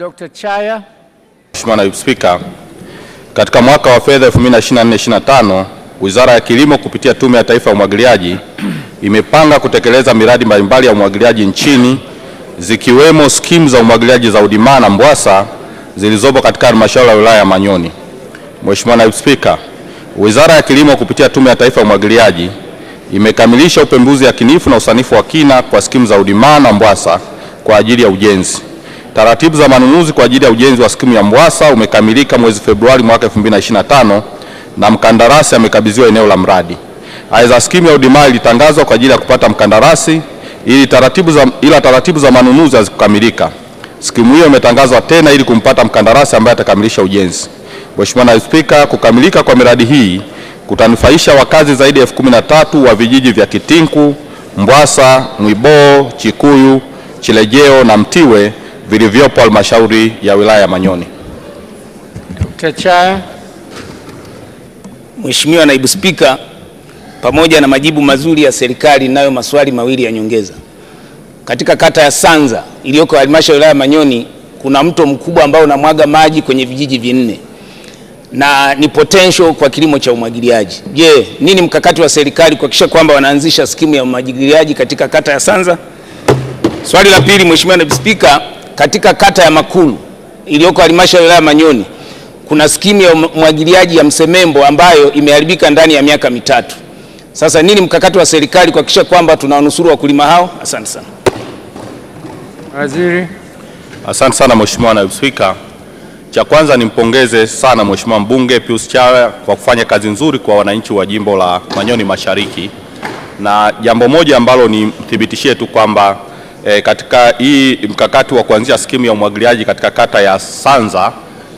Dr. Chaya. Mheshimiwa Naibu Spika, katika mwaka wa fedha 2024/2025 Wizara ya Kilimo kupitia Tume ya Taifa ya Umwagiliaji imepanga kutekeleza miradi mbalimbali ya umwagiliaji nchini zikiwemo skimu za umwagiliaji za Udimaa na Mbwasa zilizopo katika halmashauri ya wilaya ya Manyoni. Mheshimiwa Naibu Spika, Wizara ya Kilimo kupitia Tume ya Taifa ya Umwagiliaji imekamilisha upembuzi yakinifu na usanifu wa kina kwa skimu za udima na Mbwasa kwa ajili ya ujenzi. Taratibu za manunuzi kwa ajili ya ujenzi wa skimu ya Mbwasa umekamilika mwezi Februari mwaka 2025 na mkandarasi amekabidhiwa eneo la mradi. Aidha, skimu ya Udimai ilitangazwa kwa ajili ya kupata mkandarasi ili taratibu za, ila taratibu za manunuzi hazikukamilika. Skimu hiyo imetangazwa tena ili kumpata mkandarasi ambaye atakamilisha ujenzi. Mheshimiwa Naibu Spika, kukamilika kwa miradi hii kutanufaisha wakazi zaidi ya elfu kumi na tatu wa vijiji vya Kitinku, Mbwasa, Mwiboo, Chikuyu, Chilejeo na Mtiwe vilivyopo halmashauri ya wilaya ya Manyoni. Dkt. Mheshimiwa Naibu Spika, pamoja na majibu mazuri ya serikali, nayo maswali mawili ya nyongeza. Katika kata ya Sanza iliyoko halmashauri ya wilaya ya Manyoni kuna mto mkubwa ambao unamwaga maji kwenye vijiji vinne na ni potential kwa kilimo cha umwagiliaji. Je, nini mkakati wa serikali kuhakikisha kwamba wanaanzisha skimu ya umwagiliaji katika kata ya Sanza? Swali la pili, Mheshimiwa Naibu Spika, katika kata ya Makulu iliyoko halmashauri ya wilaya Manyoni kuna skimu ya umwagiliaji ya Msemembo ambayo imeharibika ndani ya miaka mitatu. Sasa nini mkakati wa serikali kuhakikisha kwamba tunawanusuru wakulima hao? Asante sana waziri. Asante sana Mheshimiwa Naibu Spika, cha kwanza nimpongeze sana Mheshimiwa mbunge Pius Chawa kwa kufanya kazi nzuri kwa wananchi wa jimbo la Manyoni Mashariki, na jambo moja ambalo nimthibitishie tu kwamba e, katika hii mkakati wa kuanzia skimu ya umwagiliaji katika kata ya Sanza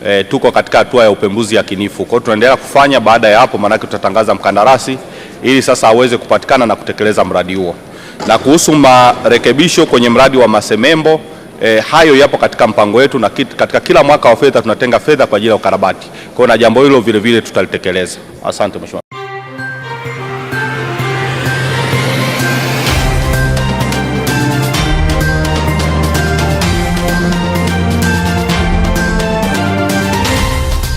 e, tuko katika hatua ya upembuzi yakinifu. Kwa hiyo tunaendelea kufanya, baada ya hapo maanake tutatangaza mkandarasi ili sasa aweze kupatikana na kutekeleza mradi huo. Na kuhusu marekebisho kwenye mradi wa Masemembo e, hayo yapo katika mpango wetu na kit, katika kila mwaka wa fedha tunatenga fedha kwa ajili ya ukarabati. Kwa hiyo na jambo hilo vile vile tutalitekeleza. Asante mheshimiwa.